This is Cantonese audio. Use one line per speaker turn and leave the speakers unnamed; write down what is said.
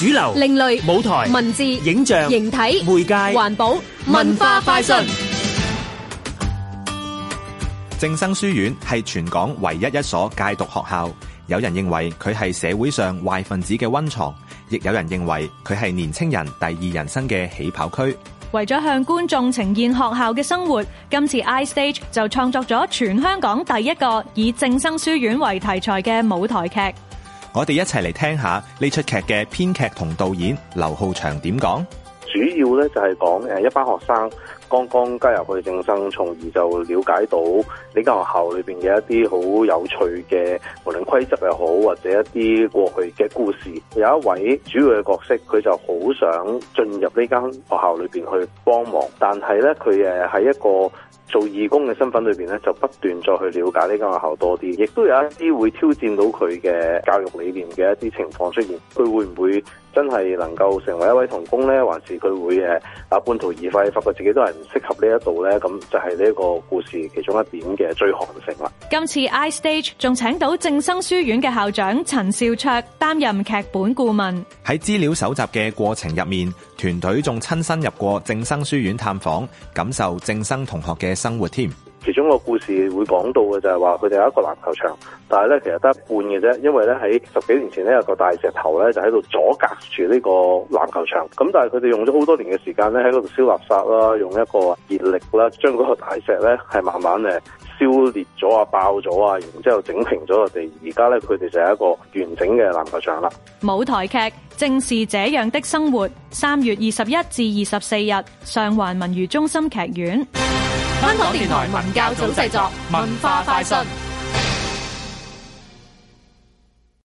主流、另
類、舞台、文
字、影像、形體、媒介、環保、文化快訊。
正生書院係全港唯一一所戒毒學校，有人認為佢係社會上壞分子嘅溫床，亦有人認為佢係年青人第二人生嘅起跑區。
為咗向觀眾呈現學校嘅生活，今次 I Stage 就創作咗全香港第一個以正生書院為題材嘅舞台劇。
我哋一齊嚟聽下呢出劇嘅編劇同導演劉浩翔點講。
主要呢就係講誒一班學生剛剛加入去正生，從而就了解到呢間學校裏邊嘅一啲好有趣嘅，無論規則又好，或者一啲過去嘅故事。有一位主要嘅角色，佢就好想進入呢間學校裏邊去幫忙，但係呢，佢誒係一個。做義工嘅身份裏面，咧，就不斷再去了解呢間學校多啲，亦都有一啲會挑戰到佢嘅教育裏面嘅一啲情況出現。佢會唔會真係能夠成為一位童工呢？還是佢會誒啊半途而廢，發覺自己都係唔適合呢一度呢？咁就係呢個故事其中一點嘅追韓性啦。
今次 I Stage 仲請到正生書院嘅校長陳兆卓擔任劇本顧問。
喺資料搜集嘅過程入面，團隊仲親身入過正生書院探訪，感受正生同學嘅生活添，
其中個故事會講到嘅就係話，佢哋有一個籃球場，但係咧其實得一半嘅啫，因為咧喺十幾年前咧有個大石頭咧就喺度阻隔住呢個籃球場。咁但係佢哋用咗好多年嘅時間咧喺嗰度燒垃圾啦，用一個熱力啦，將嗰個大石咧係慢慢誒燒裂咗啊，爆咗啊，然之後整平咗我哋而家咧，佢哋就係一個完整嘅籃球場啦。
舞台劇正是這樣的生活，三月二十一至二十四日，上環文娛中心劇院。香港電台文教組製作《文化快訊》。